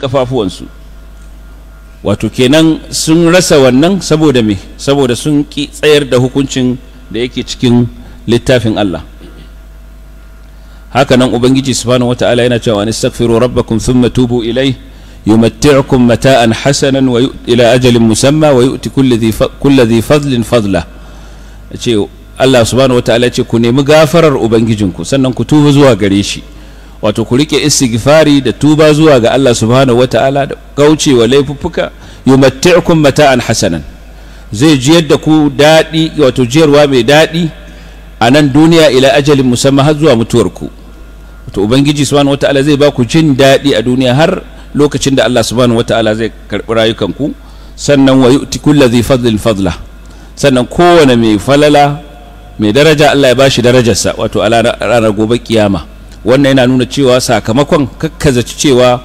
kafafuwansu wato kenan sun rasa wannan saboda me saboda sun ki tsayar da hukuncin da yake cikin littafin Allah haka nan ubangiji subhanahu wataala yana cewa nastaghfiru rabbakum thumma tubu ilayhi يمتعكم متاء حسنا وي... إلى أجل مسمى ويؤتي كل ذي, ف... كل ذي فضل فضله Allah subhanahu wataala ce ku nemi gafarar ubangijinku sannan ku tuba zuwa gare shi wato ku rike istighfari da tuba zuwa ga Allah subhanahu wataala da kaucewa laifuffuka yumatti'ukum mata'an hasanan zai jiyar da ku daɗi wato jiyarwa mai daɗi a nan duniya ila ajalin musamman har zuwa mutuwarku wato ubangiji subhanahu wataala zai ba ku jin daɗi a duniya har lokacin da Allah subhanahu wataala zai karɓi rayukanku sannan wa yu'ti kulli dhi fadlin fadla sannan kowane mai falala mai daraja Allah ya bashi darajarsa wato a ranar gobe kiyama wannan yana nuna cewa sakamakon kakkaza cewa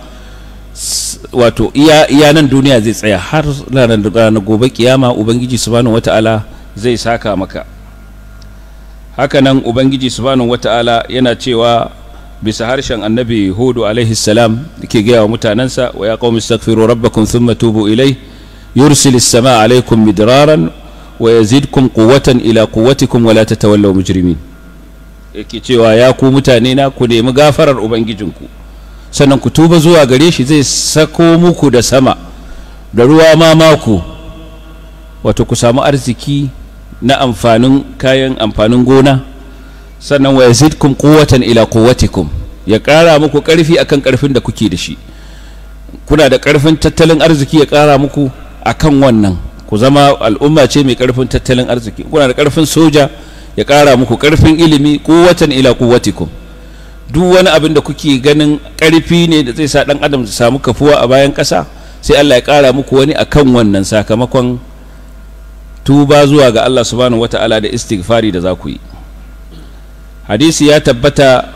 wato iya iya nan duniya zai tsaya har ranar gobe kiyama ubangiji subhanahu wataala zai saka maka hakanan ubangiji subhanahu wataala yana cewa bisa harshen annabi hudu alaihi salam da ke gaya wa mutanensa wa ya qaumi astaghfiru rabbakum thumma ilai yursil sama alaikum midraran wa yazidkum quwwatan ila quwwatikum wala ta tatawallaw mujrimin yake cewa ya ku mutane na ku nemi gafarar ubangijinku sannan ku tuba zuwa gare shi zai sako muku da sama da ruwa ma maku wato ku samu arziki na amfanin kayan amfanin gona sannan wa yazidkum quwwatan ila quwwatikum ya ƙara muku ƙarfi akan ƙarfin da kuke da shi kuna da ƙarfin tattalin arziki ya ƙara muku akan wannan ku zama al'umma ce mai ƙarfin tattalin arziki kuna da ƙarfin soja ya ƙara muku ƙarfin ilimi quwwatan ila quwwatikum duk wani abin da kuke ganin ƙarfi ne da zai sa ɗan adam su samu kafuwa a bayan ƙasa sai Allah ya ƙara muku wani akan wannan sakamakon tuba zuwa ga Allah subhanahu wata'ala da istighfari da za ku yi حديثي تبتا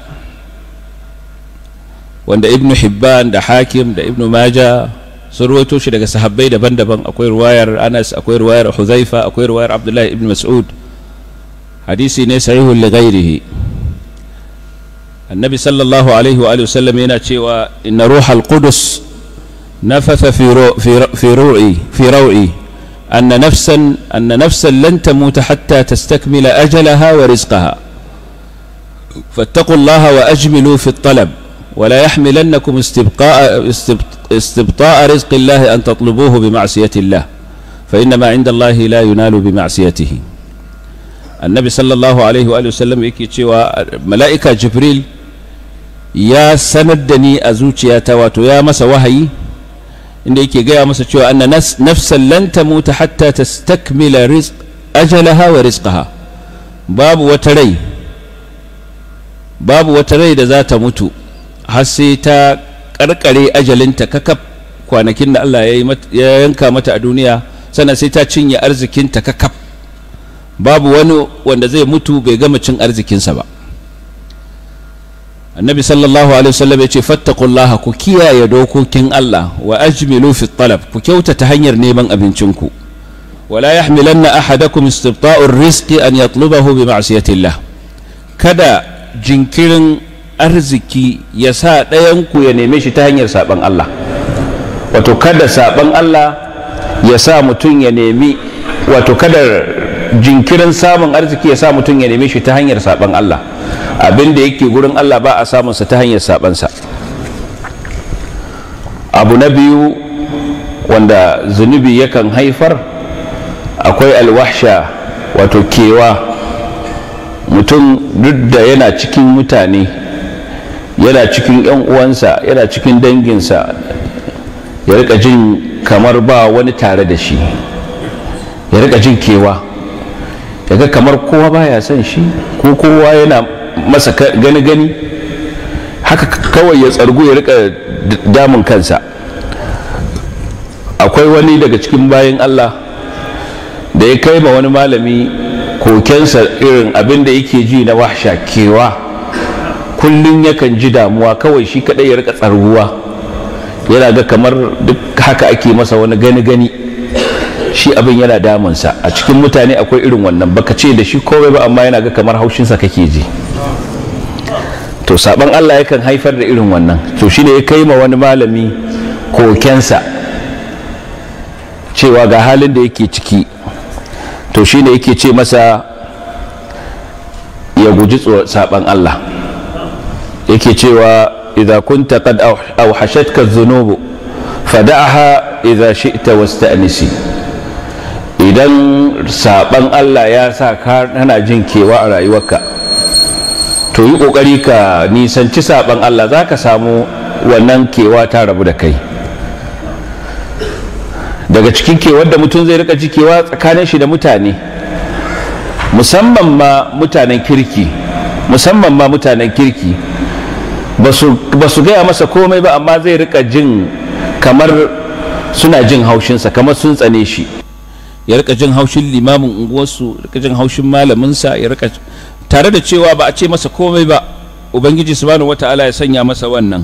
وان ابن حبان ده حاكم ده ابن ماجا سرويتو شدق سحبي دا بندبان اكوير واير انس اكوير واير حذيفة اكوير واير عبد الله ابن مسعود حديثي نسعيه لغيره النبي صلى الله عليه وآله وسلم يناتي إن روح القدس نفث في رو في في روعي في روعي أن نفسا أن نفسا لن تموت حتى تستكمل أجلها ورزقها فاتقوا الله واجملوا في الطلب ولا يحملنكم استبقاء استبطاء رزق الله ان تطلبوه بمعصيه الله فانما عند الله لا ينال بمعصيته النبي صلى الله عليه واله وسلم يكيتشي ملائكه جبريل يا سندني ازوتشي تواتو يا مس وهي عند يكي مس ان نفسا لن تموت حتى تستكمل رزق اجلها ورزقها باب وتري babu wata rai da za ta mutu har sai ta karkare ajalinta kakaf kwanakin da Allah ya yanka mata a duniya sannan sai ta cinye arzikinta kakaf babu wani wanda zai mutu bai gama cin arzikinsa ba annabi sallallahu alaihi wasallam ya ce fattakullaha ku kiyaye dokokin Allah wa ajmilu fi talab ku kyautata hanyar neman abincinku wala yahmilanna ahadakum istibta'ur rizqi an yatlubahu bi ma'siyatillah kada jinkirin arziki ya sa ɗayanku ya neme shi ta hanyar saɓan Allah wato kada saɓan Allah ya sa mutum ya nemi wato kada jinkirin samun arziki ya sa mutum ya neme shi ta hanyar saɓan Allah abin da yake gurin Allah ba a samunsa ta hanyar saɓansa abu na biyu wanda zunubi yakan haifar akwai alwasha wato kewa mutum duk da yana cikin mutane yana cikin 'yan uwansa yana cikin danginsa ya rika jin kamar ba wani tare da shi ya rika jin kewa yaga kamar kowa baya son shi ko kowa yana masa gani-gani haka kawai ya tsargu ya rika damun kansa akwai wani daga cikin bayan allah da ya kai ma wani malami kokensa irin abin da yake ji na wahsha kewa kullum yakan ji damuwa kawai shi kadai ya rika tsarguwa yana ga kamar duk haka ake masa wani gani gani shi abin yana damunsa a cikin mutane akwai irin wannan baka ce da shi komai ba amma yana ga kamar haushinsa kake ji to saban Allah yakan haifar da irin wannan to shine ya kai ma wani malami kokensa cewa ga halin da yake ciki to shi ne yake ce masa ya guji saban Allah yake cewa idza kunta qad awhashatka adh dhunubu fada'aha idza shi'ta wasta'nisi idan saban Allah ya sa ka kana jin kewa a rayuwarka to yi kokari ka nisanci saban Allah zaka samu wannan kewa ta rabu da kai daga cikin kewar da mutum zai rika cikewa tsakanin shi da mutane musamman ma mutanen kirki musamman ma mutanen kirki ba su gaya masa komai ba amma zai rika jin kamar suna jin haushinsa kamar sun tsane shi ya rika jin haushin limamin unguwarsu ya rika jin haushin malaminsa ya rika tare da cewa ba a ce masa komai ba ubangiji subhanahu wata'ala ya sanya masa wannan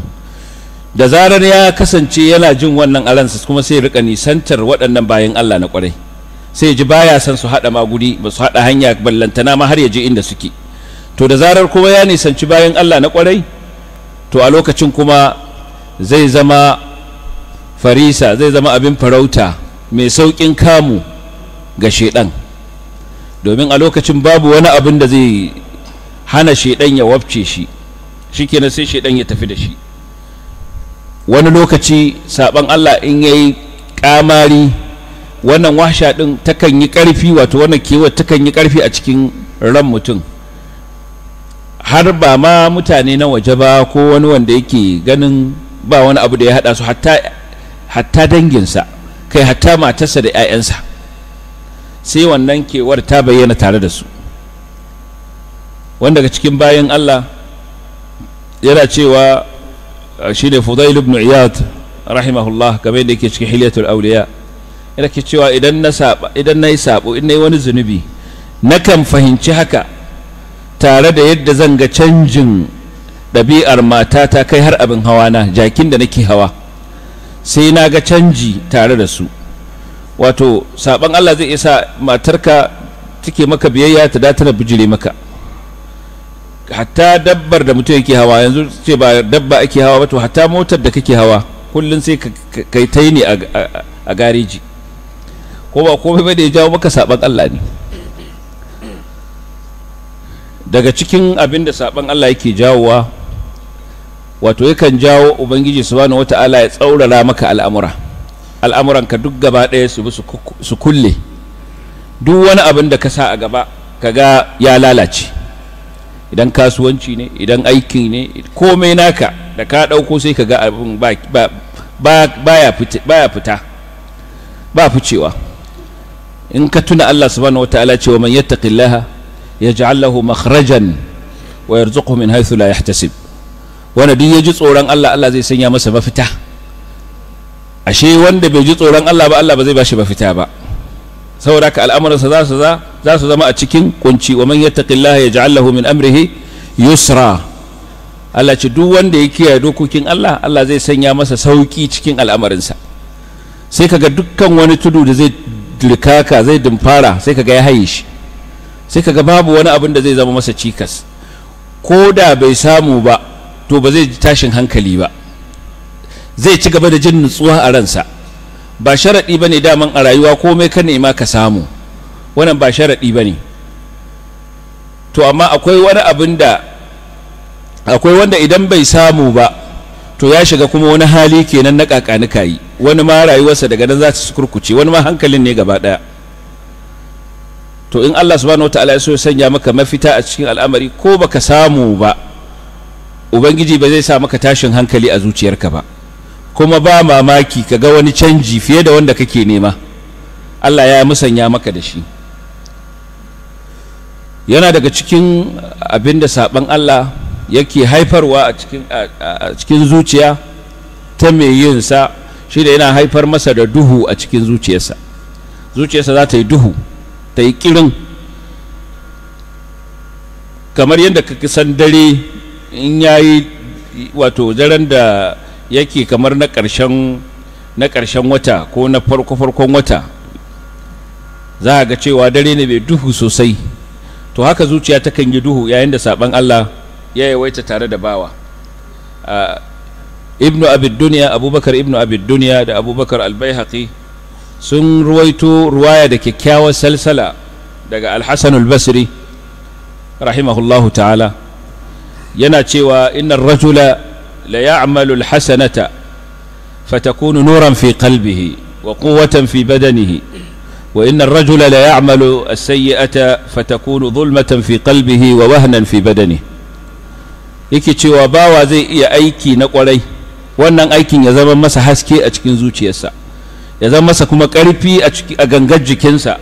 da zarar ya kasance yana jin wannan alansa kuma sai rika nisantar waɗannan bayan Allah na kwarai sai ji baya san su haɗa maguri ba su haɗa hanya ballantana ma har ya je inda suke to da zarar kuma ya nisanci bayan Allah na kwarai to a lokacin kuma zai zama farisa zai zama abin farauta mai sauƙin kamu ga shaidan domin a lokacin babu wani abin da zai hana shaidan ya wabce shi shikenan sai shaidan ya tafi da shi wani lokaci saban Allah in ya yi kamari wannan wahsha din takan yi karfi wato wannan kewa takan yi karfi a cikin ran mutum har ba ma mutane na waje ba ko wani wanda yake ganin ba wani abu da ya haɗa su hatta danginsa kai hatta matarsa da 'ya'yansa sai wannan kewar ta bayyana tare da su wanda daga cikin bayan Allah yana cewa shine Fudail ibn Iyad rahimahullah game da yake cikin Hilyatul Awliya ina ke cewa idan na saba idan nayi sabo in yi wani zunubi nakan fahimci haka tare da yadda zan ga canjin ɗabi'ar matata kai har abin hawa na jakin da nake hawa sai na ga canji tare da su wato saban Allah zai isa matarka take maka biyayya ta da tana bijire maka hatta dabbar da mutum yake hawa yanzu ce ba dabba ake hawa ba to hatta motar da kake hawa kullum sai kai ta ne a gareji ko ba komai ba da ya jawo maka saban Allah ne daga cikin abin da saban Allah yake jawowa wato yakan jawo ubangiji subhanahu wata'ala ya tsaurara maka al'amura ka duk gaba ɗaya su bi su kulle duk wani abin da ka sa a gaba kaga ya lalace idan kasuwanci ne idan aiki ne komai naka da ka dauko sai ka ga abin ya fita ba ficewa in ka tuna Allah subhanahu wataala cewa man yattaqillaha yaj'al lahu makhrajan wa yarzuquhu min haythu la yahtasib wanda duk yaji ji tsoron Allah Allah zai sanya masa mafita ashe wanda bai ji tsoron Allah ba Allah ba zai bashi mafita ba saboda ka al'amuransa za su za za su zama a cikin kunci wa manyan yattaqillaha ya ja'alla min amrihi yusra Allah ce duk wanda ya kiyaye dokokin Allah Allah zai sanya masa sauki cikin al'amarinsa sai kaga dukkan wani tudu da zai dirkaka zai dimfara sai kaga ya haye shi sai kaga babu wani abin da zai zama masa cikas ko da bai samu ba to ba zai ji tashin hankali ba zai ci gaba da jin nutsuwa a ransa ba sharaɗi ba ne daman a rayuwa komai ka nema ka samu wannan ba sharaɗi ba ne to amma akwai wani abin da akwai wanda idan bai samu ba to ya shiga kuma wani hali kenan na ka yi wani ma rayuwarsa daga nan za ta kurkuce wani ma hankalin ne gaba ɗaya to in Allah subhanahu wataala ya so sanya maka mafita a cikin al'amari ko baka samu ba ubangiji ba zai sa maka tashin hankali a zuciyarka ba kuma ba mamaki ka ga wani canji fiye da wanda kake nema Allah ya musanya maka da shi yana daga cikin abin da saɓan Allah yake haifarwa a cikin zuciya ta mai yin sa shi da yana haifar masa da duhu a cikin zuciyarsa zuciyarsa za ta yi duhu ta yi ƙirin kamar yadda ka san dare in ya yi wato daren da yake kamar na ƙarshen na ƙarshen wata ko na farko-farkon wata za a ga cewa dare ne mai duhu sosai to haka zuciya takan yi duhu yayin da saban Allah ya yawaita tare da bawa ibnu abid duniya abubakar ibnu abid duniya da abubakar albayhaqi sun ruwaito ruwaya da kyakkyawar salsala daga alhassan albasri rahimahullahu ta'ala yana cewa inna rajula la ya'malu alhasanata fatakunu nuran fi qalbihi wa quwwatan fi badanihi وإن الرجل لا يعمل السيئة فتكون ظلمة في قلبه ووهنا في بدنه yake cewa bawa zai iya aiki na kwarai wannan aikin ya zama masa haske a cikin zuciyarsa ya zama masa kuma ƙarfi a gangar jikinsa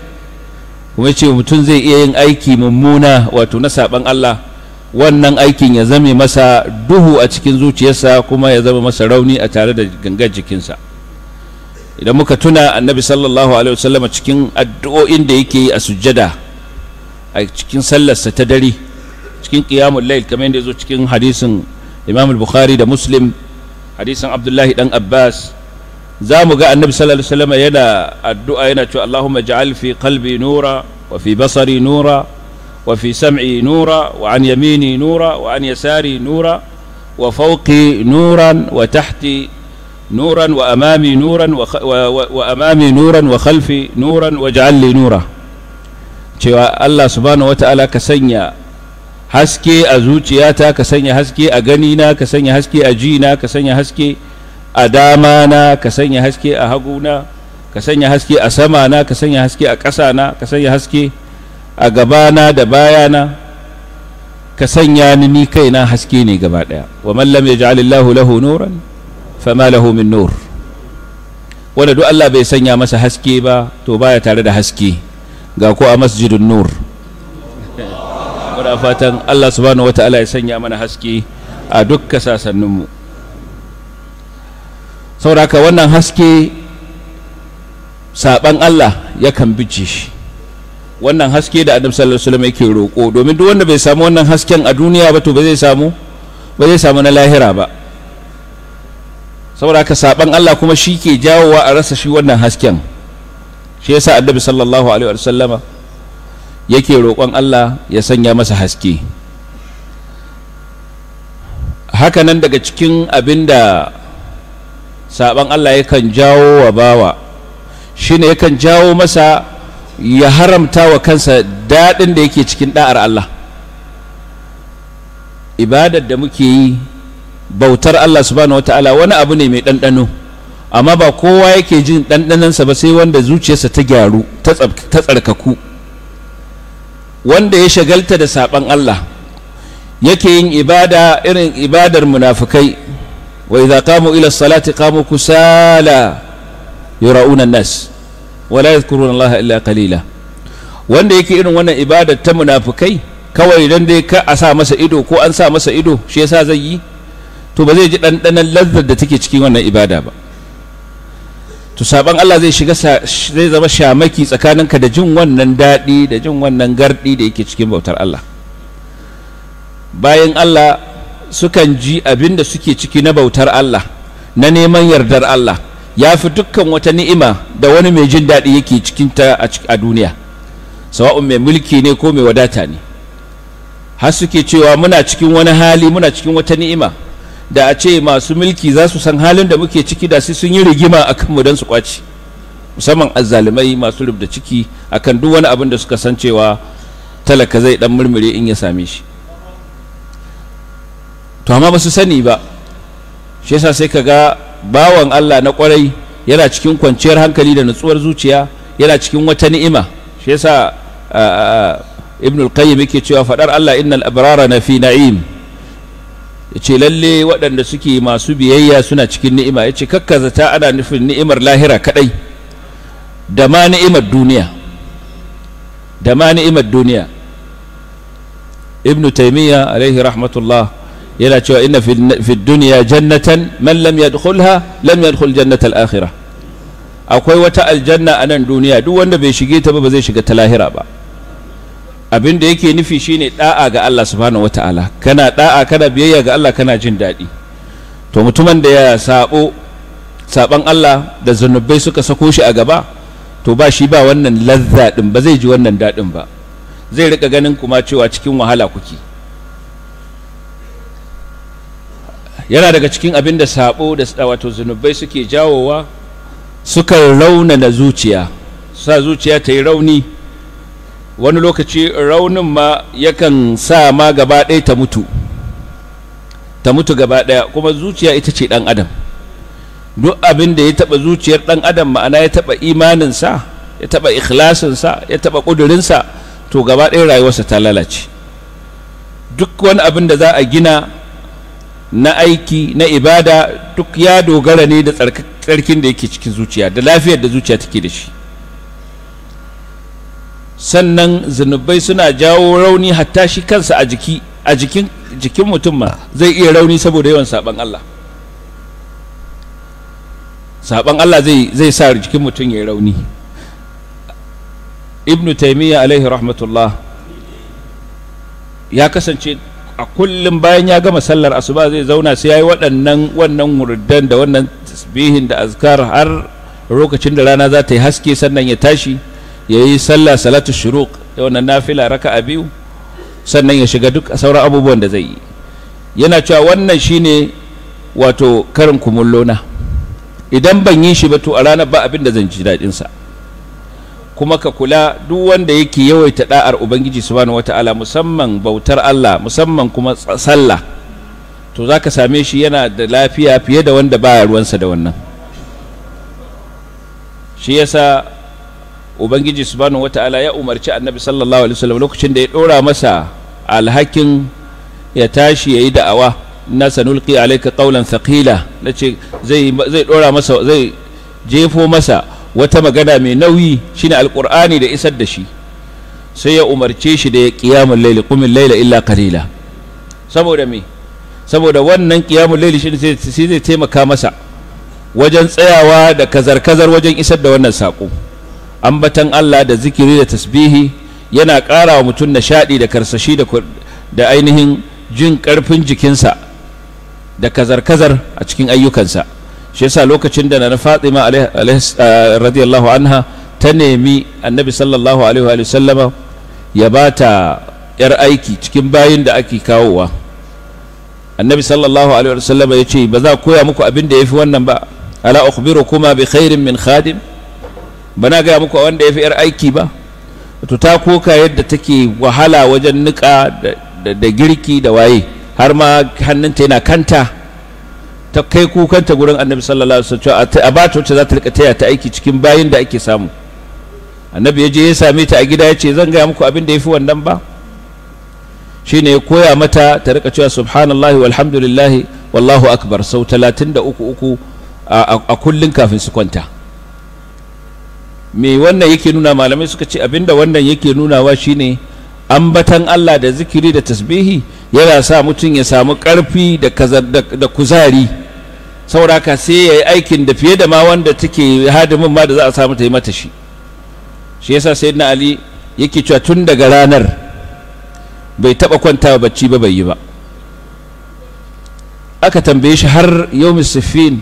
kuma ce mutum zai iya yin aiki mummuna wato na saɓan Allah wannan aikin ya zame masa duhu a cikin zuciyarsa kuma ya zama masa rauni a tare da gangar jikinsa idan muka tuna annabi sallallahu alaihi wasallam cikin addu'o'in da yake a sujjada a cikin sallarsa ta dare cikin qiyamul layl kamar yadda yazo cikin hadisin Imam al-Bukhari da Muslim hadisin Abdullahi dan Abbas zamu ga annabi sallallahu alaihi wasallam yana addu'a yana cewa Allahumma ja'al fi qalbi nura wa fi basari nura wa fi sam'i nura wa an yamini nura wa an yasari nura wa fawqi nuran wa tahti نورا وأمامي نورا وخ... و... و... وأمامي نورا وخلفي نورا واجعل لي نورا cewa Allah subhanahu wata'ala ka sanya haske a zuciyata ka sanya haske a ganina ka sanya haske a jina ka sanya haske a dama na ka sanya haske a haguna ka sanya haske a sama na ka sanya haske a ƙasa na ka sanya haske a gabana da bayana ka sanya ni kaina haske ne gaba ɗaya wa man nuran fama lahu min nur wanda duk Allah bai sanya masa haske ba to baya tare da haske ga ko a masjidun nur muna fatan Allah subhanahu wata'ala ya sanya mana haske a dukkan sasanninmu sauraka wannan haske saban Allah yakan bice shi wannan haske da Adam sallallahu alaihi wasallam yake roƙo domin duk wanda bai samu wannan hasken a duniya ba to ba zai samu ba zai samu na lahira ba saboda haka saban Allah kuma shi ke jawowa a rasa shi wannan hasken shi yasa annabi sallallahu alaihi sallama yake roƙon Allah ya sanya masa haske haka nan daga cikin abin da saban Allah yakan jawo wa bawa shi shine yakan jawo masa ya haramta wa kansa daɗin da yake cikin da'ar Allah ibadar da muke yi bautar Allah subhanahu wata'ala wani abu ne mai ɗanɗano amma ba kowa yake jin ɗanɗanonsa ba sai wanda zuciyarsa ta gyaru ta tsarkaku wanda ya shagalta da saɓan Allah yake yin ibada irin ibadar munafukai wa idza qamu ila salati qamu kusala yura'una nas wa la yadhkuruna Allah illa qalila wanda yake irin wannan ibadar ta munafukai kawai dan dai ka a sa masa ido ko an sa masa ido shi yasa zai yi to ba zai ji ɗanɗanon lazzar da take cikin wannan ibada ba to saban Allah zai shiga zai zama shamaki tsakaninka da jin wannan daɗi da jin wannan gardi da yake cikin bautar Allah bayan Allah sukan ji abin da suke ciki na bautar Allah na neman yardar Allah ya fi dukkan wata ni'ima da wani mai jin daɗi yake cikinta a duniya sawa'un mai mulki ne ko mai wadata ne har suke cewa muna cikin wani hali muna cikin wata ni'ima da a ce masu mulki za su san halin da muke ciki da su sun yi rigima a kanmu don su kwaci musamman azzalumai masu rubda ciki akan duk wani abin da suka san cewa talaka zai dan murmure in ya same shi to amma ba su sani ba shi yasa sai ga bawan Allah na kwarai yana cikin kwanciyar hankali da nutsuwar zuciya yana cikin wata ni'ima shi yasa ibnul qayyim yake cewa faɗar Allah innal abrara na fi na'im yace lalle waɗanda suke masu biyayya suna cikin ni'ima yace zata ana nufin ni'imar lahira kadai da ma ni'imar duniya da ma ni'imar duniya ibnu taymiya alaihi rahmatullah yana cewa inna fi duniya jannatan man lam yadkhulha lam yadkhul jannatal akhirah akwai wata aljanna a nan duniya duk wanda bai shige ta ba ba zai shiga ta lahira ba abin da yake nufi shine da'a ga Allah subhanahu wataala kana da'a kana biyayya ga Allah kana jin daɗi to mutumin da ya sabo saban Allah da zunubai suka sako shi a gaba to ba shi ba wannan lazza din ba zai ji wannan daɗin ba zai rika ganin kuma cewa cikin wahala kuke yana daga cikin abin da sabo da wato zunubai suke jawowa sukan na zuciya sa zuciya ta yi rauni wani lokaci raunin ma yakan sa ma gaba ɗaya ta mutu ta mutu gaba ɗaya kuma zuciya ita ce ɗan adam duk abin da ya taɓa zuciyar ɗan adam ma'ana ya taɓa imaninsa ya taɓa ikhlasinsa ya taɓa ƙudurinsa to gaba ɗaya rayuwarsa ta lalace duk wani abin da za a gina na aiki na ibada duk ya dogara ne da tsarkin da yake cikin zuciya da lafiyar da zuciya take da shi sannan zunubai suna jawo rauni hatta shi kansa a jiki a jikin jikin mutum ma zai iya rauni saboda yawan saban Allah saban Allah zai zai sa jikin mutum ya rauni ibnu taimiyya alaihi rahmatullah ya kasance a kullum bayan ya gama sallar asuba zai zauna sai yayi waɗannan wannan wurdan da wannan tasbihin da azkar har lokacin da rana za ta yi haske sannan ya tashi ya yi sallah salatu shuruk ya wannan nafila raka a biyu sannan ya shiga duk sauran abubuwan da zai yi yana cewa wannan shine wato karin kumullo na idan ban yi shi ba to a ranar ba abin da zan ji daɗin sa kuma ka kula duk wanda yake yawaita da'ar ubangiji subhanahu wata'ala musamman bautar Allah musamman kuma sallah to zaka same shi yana da lafiya fiye da wanda baya ruwansa da wannan shi yasa ubangiji subhanahu wata'ala ya umarci annabi sallallahu alaihi wasallam lokacin da ya dora masa alhakin ya tashi yayi da'awa na sanulqi alayka qawlan thaqila nace zai zai dora masa zai jefo masa wata magana mai nauyi shine alqur'ani da isar da shi sai ya umarce shi da ya qiyamul layli qumil layla illa qalila saboda me saboda wannan qiyamul layli shi zai taimaka masa wajen tsayawa da kazar-kazar wajen isar da wannan saƙo ambatan Allah da zikiri da tasbihi yana ƙara wa mutum nishaɗi da karsashi da ainihin jin ƙarfin jikinsa da kazar-kazar a cikin ayyukansa shi yasa lokacin da na fatima radiyallahu anha ta nemi annabi sallallahu alaihi wa sallama ya ba ta ‘yar aiki cikin bayin da ake kawowa annabi sallallahu alaihi wa sallama ya ce ba za koya muku abin da ya fi wannan ba ala ukhbiru kuma bi khairin min khadim bana gaya muku wanda ya fi yar aiki ba to ta koka yadda take wahala wajen niƙa da girki da waye har ma hannunta yana kanta ta kai kukanta gurin annabi sallallahu alaihi wasallam a ba ta wacce za ta rika taya ta aiki cikin bayin da ake samu annabi ya je ya same ta a gida ya ce zan gaya muku abin da ya fi wannan ba shine ya koya mata ta rika cewa subhanallahi walhamdulillahi wallahu akbar sau talatin da uku uku a kullum kafin su kwanta me wannan yake nuna malamai suka ce abinda wannan yake nuna nunawa shine ambatan Allah da zikiri da tasbihi yana sa mutum ya samu karfi da kuzari sauraka sai ya yi aikin da fiye da ma wanda take hadimin ma da za a samu ta yi mata shi shi yasa sai na ali yake cewa tun daga ranar bai taba kwanta bacci ba bai yi ba aka tambaye shi har yau sifin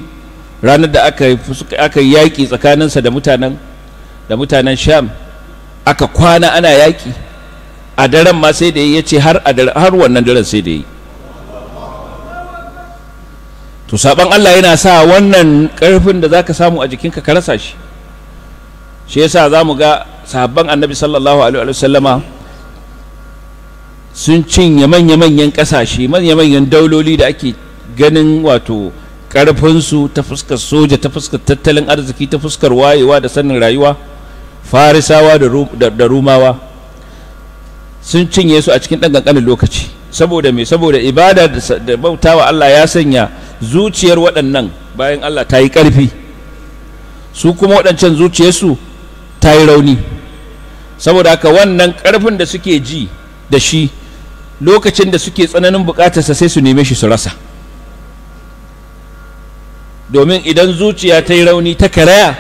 ranar da aka yi yaƙi tsakaninsa da mutanen da mutanen sham aka kwana ana yaƙi a daren ma sai da yi ya ce har wannan daren sai da yi to saban Allah yana sa wannan ƙarfin da zaka samu a jikinka ka rasa shi shi yasa za mu ga sahabban annabi sallallahu alaihi wa sallama sun cinye manya-manyan ƙasashe manya-manyan dauloli da ake ganin wato ƙarfinsu ta fuskar soja ta fuskar tattalin arziki ta fuskar wayewa da sanin rayuwa farisawa da rumawa sun cinye su a cikin ɗan ƙanƙanin lokaci saboda me saboda ibada da bautawa Allah ya sanya zuciyar waɗannan bayan Allah ta yi ƙarfi su kuma waɗancan zuciyarsu ta yi rauni saboda haka wannan ƙarfin da suke ji da shi lokacin da suke tsananin buƙatarsa sai su neme shi su rasa domin idan zuciya ta yi rauni ta karaya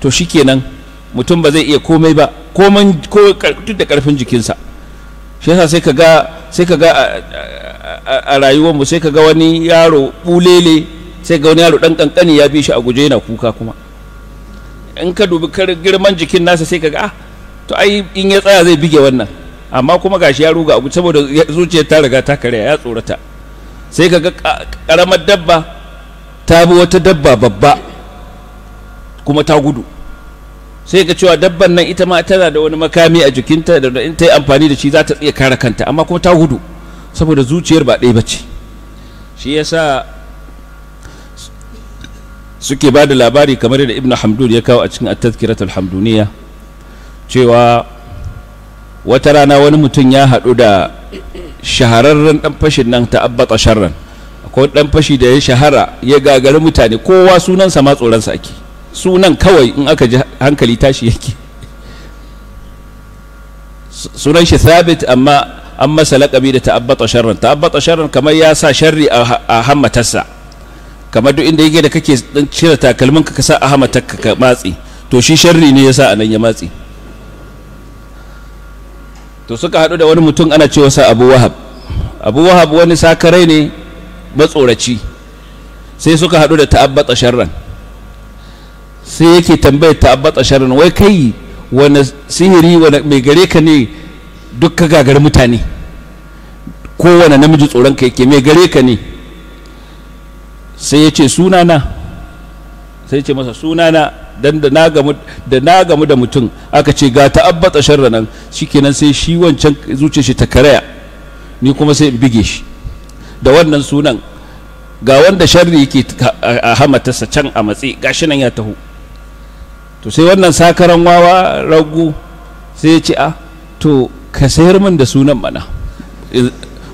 to shi shikenan mutum ba zai iya komai ba koman ko duk da karfin jikinsa shi yasa sai kaga sai kaga a rayuwar mu sai kaga wani yaro bulele sai ga wani yaro dan kankani ya bi shi a guje yana kuka kuma in ka dubi girman jikin nasa sai kaga ah to ai in ya tsaya zai bige wannan amma kuma gashi ya ruga abu saboda zuciyar ta riga ta karya ya tsorata sai kaga karamar dabba ta bi wata dabba babba kuma ta gudu sai ga cewa dabban nan ita ma tana da wani makami a jikinta da in ta yi amfani da shi za ta iya kare kanta amma kuma ta gudu saboda zuciyar ba ɗaya bace shi ya yasa suke ba da labari kamar da ibn hamdun ya kawo a cikin at alhamduniya cewa wata rana wani mutum ya haɗu da shahararren ɗan fashin nan ta abbata sharran akwai ɗan fashi da ya shahara ya gagari mutane kowa sunansa ma tsoronsa ake sunan kawai in aka ji hankali tashi yake sunan shi thabit amma an masa laƙabi da ta'abbata sharran ta'abbata sharran kamar ya sa sharri a hammatarsa kamar duk inda yake da kake dan cire takalmin ka sa a hammatarka ka matsi to shi sharri ne ya yasa anan ya matsi to suka haɗu da wani mutum ana cewa sa Abu Wahab Abu Wahab wani sakarai ne matsoraci sai suka haɗu da ta'abbata sharran sai yake tambayar ta'abbat sharin wai kai wani sihiri wani mai gare ka ne duk ka gagar mutane kowane namiji tsoron ka yake mai gare ka ne sai ya ce sunana sai ce masa sunana don da na gamu da na da mutum aka ce ga ta'abbata sharra nan shikenan sai shi wancan zuce shi ta karaya ni kuma sai in bige shi da wannan sunan ga wanda sharri yake a hamatarsa can a matsi gashi nan ya taho to sai wannan sakaran wawa ragu sai ya ce a ah, to ka sayar min da sunan mana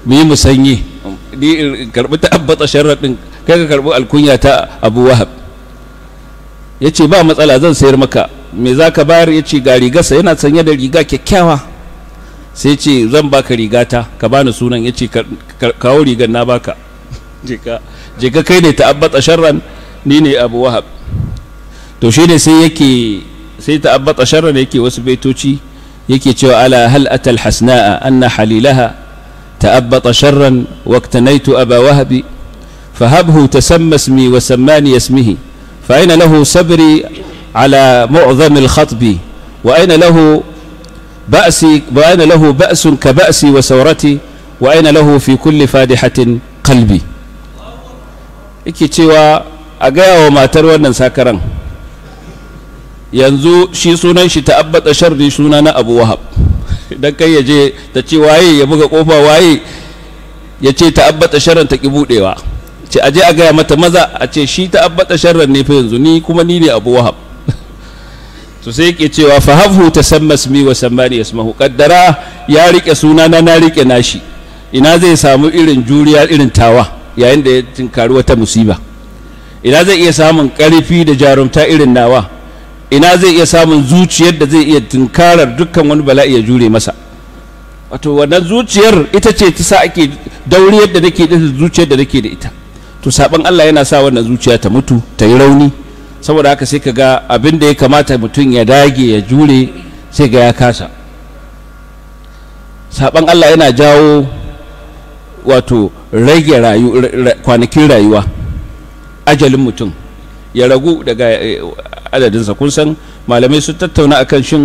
mu yi musanyi ni in karɓi ta'abbata sharar ɗin kai ka karɓi alkunya ta abu wahab ya ce ba matsala zan sayar maka me za ka bayar ya ce ga rigarsa yana sanye da riga kyakkyawa sai ce zan baka rigata ka bani sunan ya ce kawo rigar na baka je ka kai ne ta'abbata sharran ni ne abu wahab to shi ne sai yake sai ta abbata sharran yake wasu baitoci yake cewa ala hal atal hasna'a anna halilaha تأبط شرا واقتنيت أبا وهب فهبه تسمى اسمي وسماني اسمه فأين له صبري على معظم الخطب وأين له بأسي وأين له بأس كبأسي وسورتي وأين له في كل فادحة قلبي إكي تيوا أجاو ما تروى ساكرا yanzu shi sunan shi ta'abbata sharri suna na abu wahab kai yaje ta ce waye ya buga kofa waye ya ce ta'abbata sharran ta ki budewa ce aje a gaya mata maza a ce shi ta'abbata sharran ne fa yanzu ni kuma ni ne abu wahab to sai yake cewa fa ta tasammas mi wa sammani yasmahu qaddara ya rike suna na na rike nashi ina zai samu irin juriya irin tawa yayin da ya tinkari wata musiba ina zai iya samun karfi da jarumta irin nawa ina zai iya samun zuciyar da zai iya tunkarar dukkan wani bala'i ya jure masa wato wannan zuciyar ita ce ta sa ake dauri yadda nake da zuciyar da nake da ita to saban Allah yana sa wannan zuciya ta mutu ta yi rauni saboda haka sai ka ga abin da ya kamata mutum ya dage ya jure sai ga ya kasa saban Allah yana jawo wato rage kwanakin rayuwa ajalin mutum ya ragu daga eh, adadinsa kun san malamai su tattauna akan shin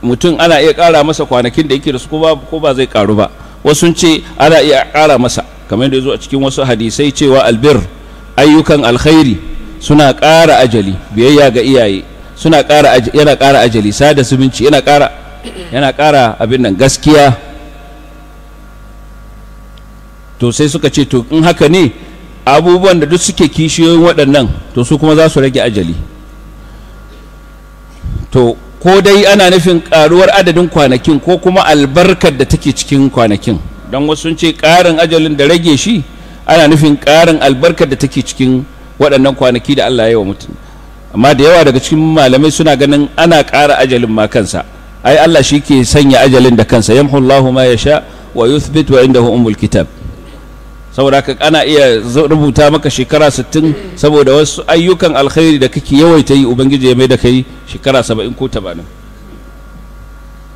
mutum ana iya ƙara masa kwanakin da yake da su ko ba zai ƙaru ba wasu ce ana iya ƙara masa kamar da zo a cikin wasu hadisai cewa albir ayyukan alkhairi suna ƙara ajali biyayya ga iyaye suna ƙara yana ƙara ajali sada zumunci yana ƙara yana ƙara abin nan gaskiya to sai suka ce to in haka ne abubuwan da duk suke kishiyoyin waɗannan to su kuma za su rage ajali to ko dai ana nufin ƙaruwar adadin kwanakin ko kuma albarkar da take cikin kwanakin don wasu sun ce ƙarin ajalin da rage shi ana nufin ƙarin albarkar da take cikin waɗannan kwanaki da Allah ya yi wa mutum amma da yawa daga cikin malamai suna ganin ana ƙara ajalin ma kansa ai Allah shi ke sanya ajalin da kansa yamhu Allahu ma yasha wa yuthbit wa indahu umul kitab saboda ka ana iya rubuta maka shekara 60 saboda wasu ayyukan alkhairi da kake yawaita yi ubangiji ya mai da kai shekara 70 ko 80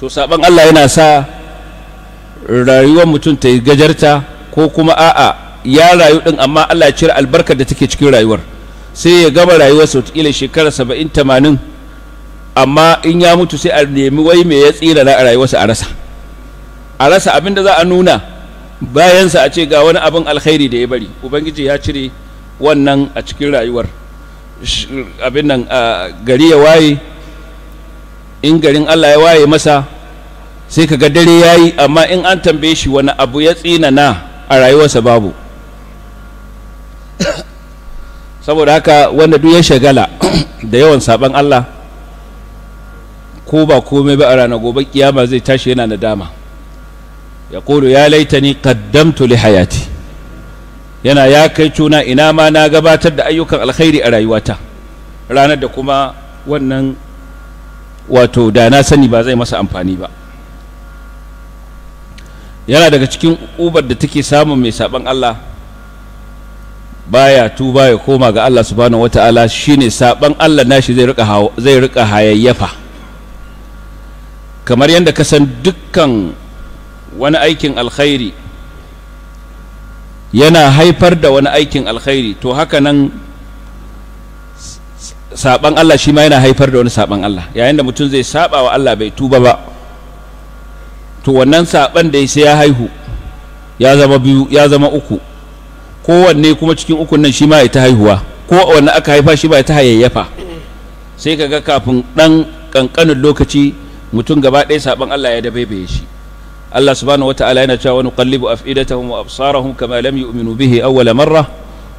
to saban Allah yana sa rayuwar mutum ta yi gajarta ko kuma a'a ya rayu din amma Allah ya cire albarkar da take cikin rayuwar sai ya gama rayuwar sau kila shekara 70 80 amma in ya mutu sai a nemi wai me ya tsira a rayuwarsa a rasa a rasa abin da za a nuna bayansa a ce ga wani abin alkhairi da ya bari ubangiji ya cire wannan a cikin rayuwar abin nan gari ya waye in garin allah ya waye masa sai ka ga dare ya yi amma in an tambaye shi wani abu ya tsina na a rayuwarsa babu saboda haka wanda duk ya shagala da yawan saban allah ko ba komai ba a ranar gobe kiyama zai tashi yana nadama dama ya kulu ya laitani qaddamtu li hayati yana ya kai cuna ina ma na gabatar da ayyukan alkhairi a rayuwata ranar da kuma wannan wato da na sani ba zai masa amfani ba yana daga cikin ubar da take samun mai saban Allah baya tuba ya koma ga Allah subhanahu wata'ala shine saban Allah nashi zai rika zai rika hayayyafa kamar yadda ka san dukkan wani aikin alkhairi yana haifar da wani aikin alkhairi to haka nan saban Allah shi ma yana haifar da wani saban Allah yayin da mutum zai saba wa Allah bai tuba ba to wannan saban da sai ya haihu ya zama biyu ya zama uku kowanne kuma cikin uku nan shi ma ya ta haihuwa ko wanne aka haifa shi ba ya ta hayayyafa sai kaga kafin dan kankanin lokaci mutum gaba ɗaya saban Allah ya dabaibaye shi Allah subhanahu wataala yana cewa wa nuqallibu afidatahum wa absarahum kama lam yu'minu bihi awwala marra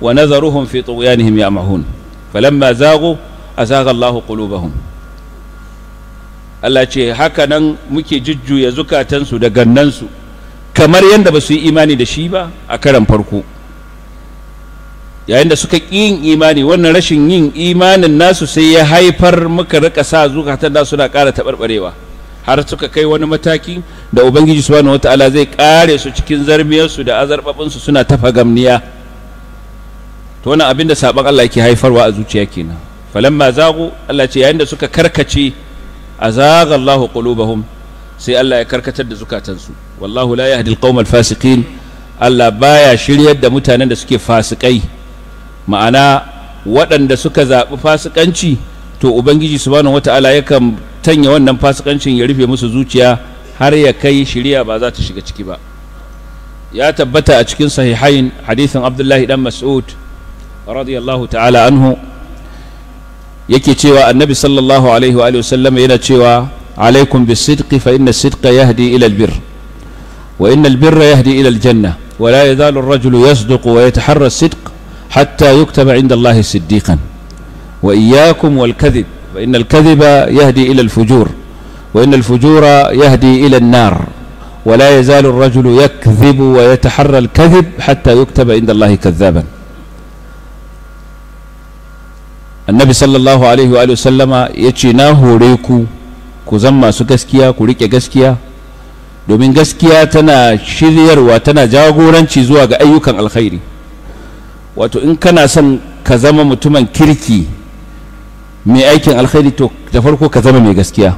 wa nadharuhum fi tughyanihim ya'mahun falamma zaghu azagha Allahu qulubahum Allah ce haka nan muke jujjuya zukatansu da gannansu kamar yadda ba su yi imani da shi ba a karan farko yayin da suka ƙi yin imani wannan rashin yin imanin nasu sai ya haifar muka rika sa zukatan nasu na ƙara taɓarɓarewa har suka kai wani mataki da ubangiji subhanahu wata'ala zai kare su cikin zarbiyarsu da azarbabinsu suna tafa gamniya to wani abin da saban Allah yake haifarwa a zuciya kenan falamma zagu Allah ce yayin da suka karkace azaga Allah qulubahum sai Allah ya karkatar da zukatansu wallahu la yahdi alqawma alfasiqin Allah baya shiryar da mutanen da suke fasikai ma'ana waɗanda suka zaɓi fasikanci to ubangiji subhanahu wata'ala yakan tanya wannan fasikancin ya rufe musu zuciya har ya kai shari'a ba za ta shiga ciki ba ya tabbata a cikin sahihain hadisin abdullahi dan mas'ud radiyallahu ta'ala anhu yake cewa annabi sallallahu alaihi wa alihi wasallam yana cewa alaikum bisidqi fa inna sidqa yahdi ila albir wa inna albir yahdi ila aljanna wa la yazalu ar-rajulu yasduqu wa yataharra as-sidq hatta yuktaba 'inda Allah siddiqan wa iyyakum wal فإن الكذب يهدي إلى الفجور وإن الفجور يهدي إلى النار ولا يزال الرجل يكذب ويتحرى الكذب حتى يكتب عند الله كذابا النبي صلى الله عليه وآله وسلم يتشيناه ريكو كزما سكسكيا كوريك يكسكيا دو من تنا شذير وتنا جاغورا شزواغ أيوكا الخيري واتو إن كان سن كزما متمن كركي mai aikin alkhairi to da farko ka zama mai gaskiya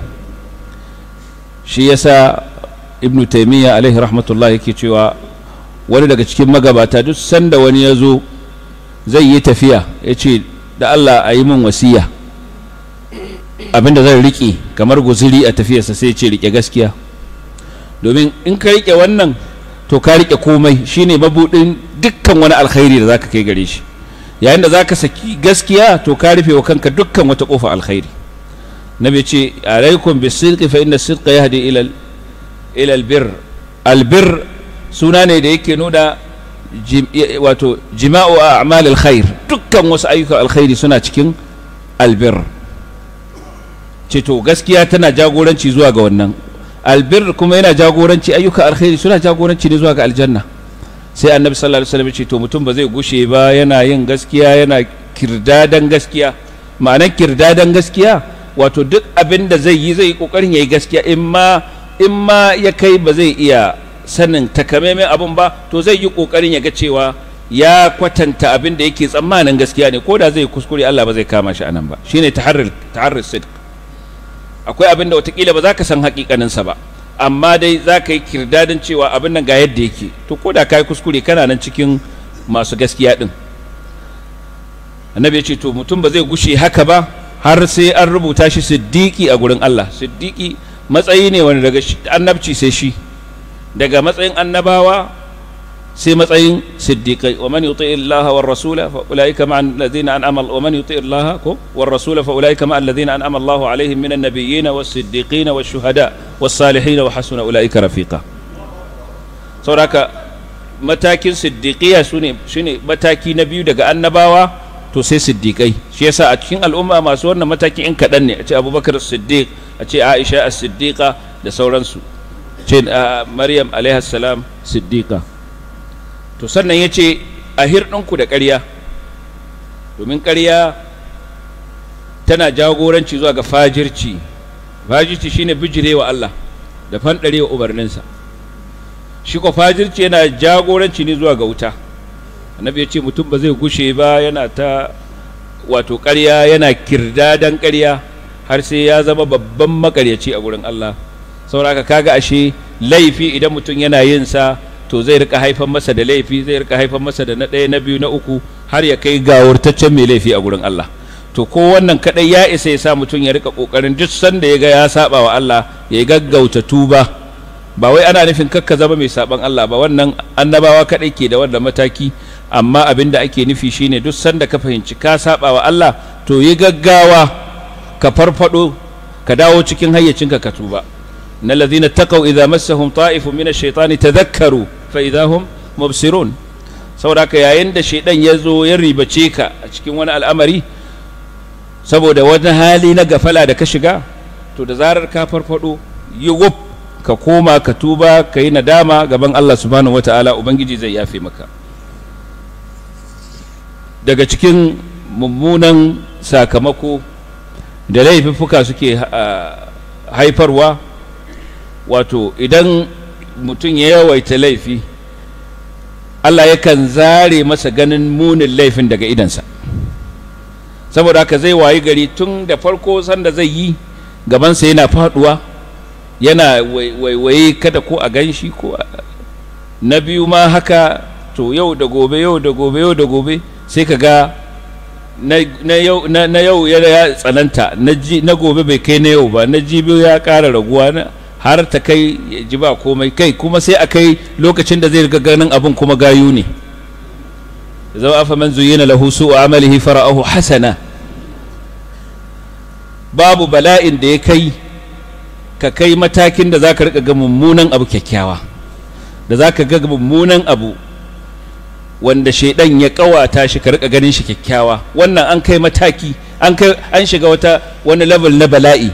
shi yasa ibnu taimiyya alaihi rahmatullah yake cewa wani daga cikin magabata duk sanda wani ya zo zai yi tafiya ya ce da allah a yi min wasiya abinda zai riƙe kamar guziri a tafiyarsa sai ce riƙe gaskiya domin in ka riƙe wannan to ka riƙe komai shine mabuɗin dukkan wani alkhairi da zaka kai gare shi yayin da zaka saki gaskiya to ka rufe wa kanka dukkan wata kofa alkhairi nabi ce alaikum bisidqi fa inna sidqa yahdi ila ila albir albir suna ne da yake nuna wato jima'u a'mal alkhair dukkan wasu ayyukan alkhairi suna cikin albir ce to gaskiya tana jagoranci zuwa ga wannan albir kuma yana jagoranci ayyukan alkhairi suna jagoranci ne zuwa ga aljanna sai annabi sallallahu alaihi wasallam ce to mutum ba zai gushe ba yana yin gaskiya yana kirdadan gaskiya ma'anar kirdadan gaskiya wato duk abin da zai yi zai yi kokarin yayi gaskiya in ma in ma ya kai ba zai iya sanin takamaiman abin ba to zai yi kokarin ya ga cewa ya kwatanta abin da yake tsammanin gaskiya ne ko da zai kuskure Allah ba zai kama shi anan ba shine taharrir taharrir sidq akwai abin da watakila ba za ka san hakikaninsa ba amma dai za ka yi kirdadin cewa abin nan ga yadda yake to ko da ka yi kuskure kana nan cikin masu gaskiya ɗin. annabi ya ce to mutum ba zai gushe haka ba har sai an rubuta shi siddiki a gurin Allah siddiki matsayi ne wani daga annabci sai shi daga matsayin annabawa sai matsayin siddiqai wa man yuti illaha war rasula fa ulaika ma alladhina an'ama wa man yuti illaha ko war rasula fa ulaika ma alladhina an'ama Allahu alaihim minan nabiyyin was siddiqin was shuhada was salihin wa hasuna ulaika rafiqa sauraka matakin siddiqiya shine shine mataki na biyu daga annabawa to sai siddiqai shi yasa a cikin al'umma masu wannan mataki in kadan ne a ce Abubakar Siddiq a ce Aisha as-Siddiqa da sauransu ce Maryam alaiha salam siddiqa to sannan ya ce a hirɗinku da ƙarya domin ƙarya tana jagoranci zuwa ga fajirci fajirci shi ne bijirewa Allah da fanɗarewa umarninsa. shi ko fajirci yana jagoranci ne zuwa ga wuta annabi ya ce mutum ba zai gushe ba yana ta wato ƙarya yana kirdadan ƙarya har sai ya zama babban makaryaci a wurin Allah sauraka kaga ashe laifi idan mutum yana yin sa to zai rika haifar masa da laifi zai rika haifan masa da na ɗaya na biyu na uku har ya kai gawurtaccen mai laifi a gurin Allah to ko wannan kadai ya isa ya sa mutum ya rika kokarin duk sanda ya ga ya saba wa Allah ya gaggauta tuba ba wai ana nufin kakka zama mai saban Allah ba wannan annabawa kadai ke da wannan mataki amma abin da ake nufi shine duk sanda ka fahimci ka saba wa Allah to yi gaggawa ka farfado ka dawo cikin hayyacinka ka tuba na lazina taqaw idza massahum ta'ifun min shaitani tadhakkaru fa idahum mubsirun yayin da shaidan ya zo ya ribace ka a cikin wani al'amari saboda wani hali na gafala da ka shiga to da zarar ka farfado yi wuf ka koma ka tuba ka yi nadama gaban Allah subhanahu wata'ala ubangiji zai yafe maka daga cikin mummunan sakamako da laifuffuka suke ah, haifarwa wato idan mutum ya yawaita laifi Allah yakan zare masa ganin munin laifin daga idansa saboda haka zai wayi gari tun da farko sanda zai yi gabansa yana faduwa yana waiwaye kada ko a ganshi ko na biyu ma haka to yau da gobe yau da gobe yau da gobe sai ka ga na yau ya tsananta na gobe bai kai na yau ba na jibi ya ƙara raguwa na har ta kai ji ba komai kai kuma sai a kai lokacin da zai ga ganin abin kuma gayu ne zama afa man zuyina lahu su'u amalihi fara'ahu hasana babu bala'in da ya kai ka kai matakin da zaka rika ga mummunan abu kyakkyawa da zaka ga mummunan abu wanda shaidan ya kawata shi ka rika ganin shi kyakkyawa wannan an kai mataki an kai an shiga wata wani level na bala'i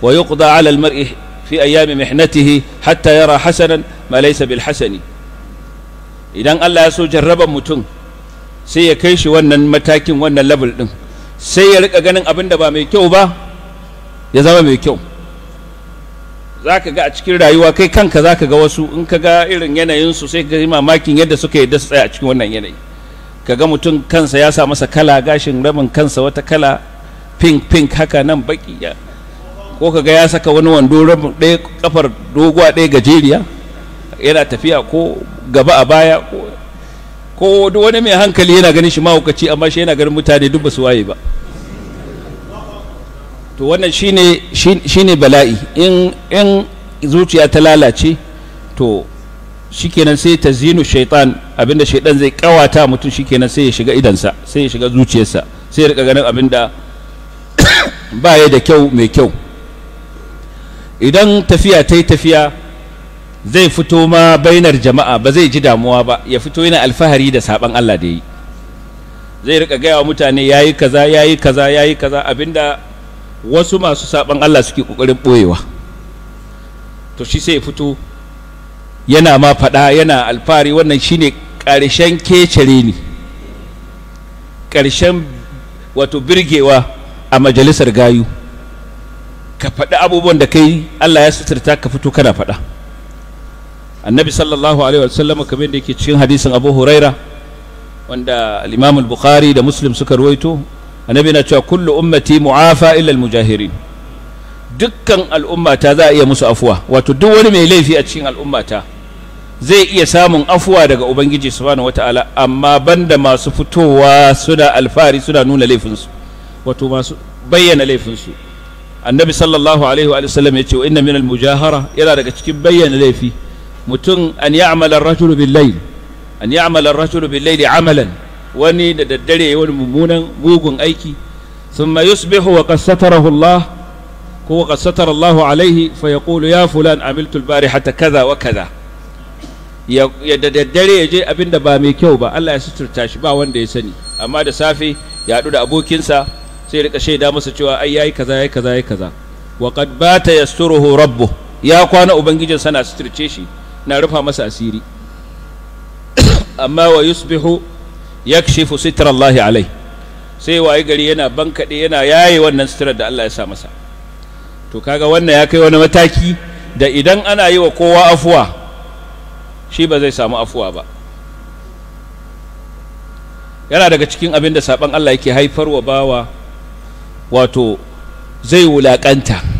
wa yuqda 'ala al-mar'i fi ayyami mihnatihi hatta yara hasanan ma laysa bil hasani idan Allah ya so jarraba mutum sai ya kai shi wannan matakin wannan level din sai ya rika ganin abin da ba mai kyau ba ya zama mai kyau zaka ga a cikin rayuwa kai kanka zaka ga wasu in ka ga irin yanayin su sai ka yi mamakin yadda suka yadda su tsaya a cikin wannan yanayi ka ga mutum kansa ya sa masa kala gashin rabin kansa wata kala pink pink haka nan baki ko kaga ya saka wani wando ɗaya kafar doguwa ɗaya gajeriya yana tafiya ko gaba a baya ko duk wani mai hankali yana ganin shi mahaukaci amma shi yana ganin mutane duk ba su waye ba to wannan shine shine bala'i in in zuciya ta lalace to shikenan sai ta zinu shaitan abinda shaitan zai kawata mutum shikenan sai ya shiga idansa sai ya shiga zuciyarsa sai ya rika ganin abinda ba ya da kyau mai kyau idan tafiya ta yi tafiya zai fito ma bainar jama'a ba zai ji damuwa ba ya fito yana alfahari da saban Allah da yi zai rika gaya wa mutane ya yi kaza ya yi kaza ya yi kaza abinda wasu masu saban Allah suke kokarin boyewa to shi sai ya fito yana ma faɗa yana alfahari wannan shine ƙarshen kecere ne ƙarshen wato birgewa a majalisar gayu ka faɗi abubuwan da kai Allah ya suturta ka fito kana faɗa annabi sallallahu alaihi wasallam kamar da yake cikin hadisin abu huraira wanda al-imam al-bukhari da muslim suka ruwaito annabi na cewa kullu ummati mu'afa illa al-mujahirin dukkan al'ummata za a iya musu afuwa wato duk wani mai laifi a cikin al'ummata zai iya samun afuwa daga ubangiji subhanahu wata'ala amma banda masu fitowa suna alfahari suna nuna laifinsu wato masu bayyana laifinsu annabi sallallahu alaihi wa sallam ya ce wa inna min mujahara yana daga cikin bayyana laifi mutum an yi ar-rajulu bil-layl an ya'mala ar-rajulu bil-layli amalan wani da daddare wani mummunan mugun aiki thumma yusbihu wa qad satarahu Allah ko wa qad satara Allah alaihi fa yaqulu ya fulan amiltu al-barihata kaza wa kaza ya da daddare ya je abinda ba mai kyau ba Allah ya suturta shi ba wanda ya sani amma da safe ya haɗu da abokinsa sai rika shaida masa cewa ai yayi kaza yayi kaza yayi kaza wa qad bata yasturuhu rabbu ya kwana ubangijin sana suturce shi na rufa masa asiri amma wa yusbihu yakshifu sitra Allah alai sai waye gari yana bankade yana yaye wannan sitrar da Allah ya sa masa to kaga wannan ya kai wani mataki da idan ana yi wa kowa afuwa shi ba zai samu afuwa ba yana daga cikin abin da saban Allah yake haifarwa bawa wato zai wulaƙanta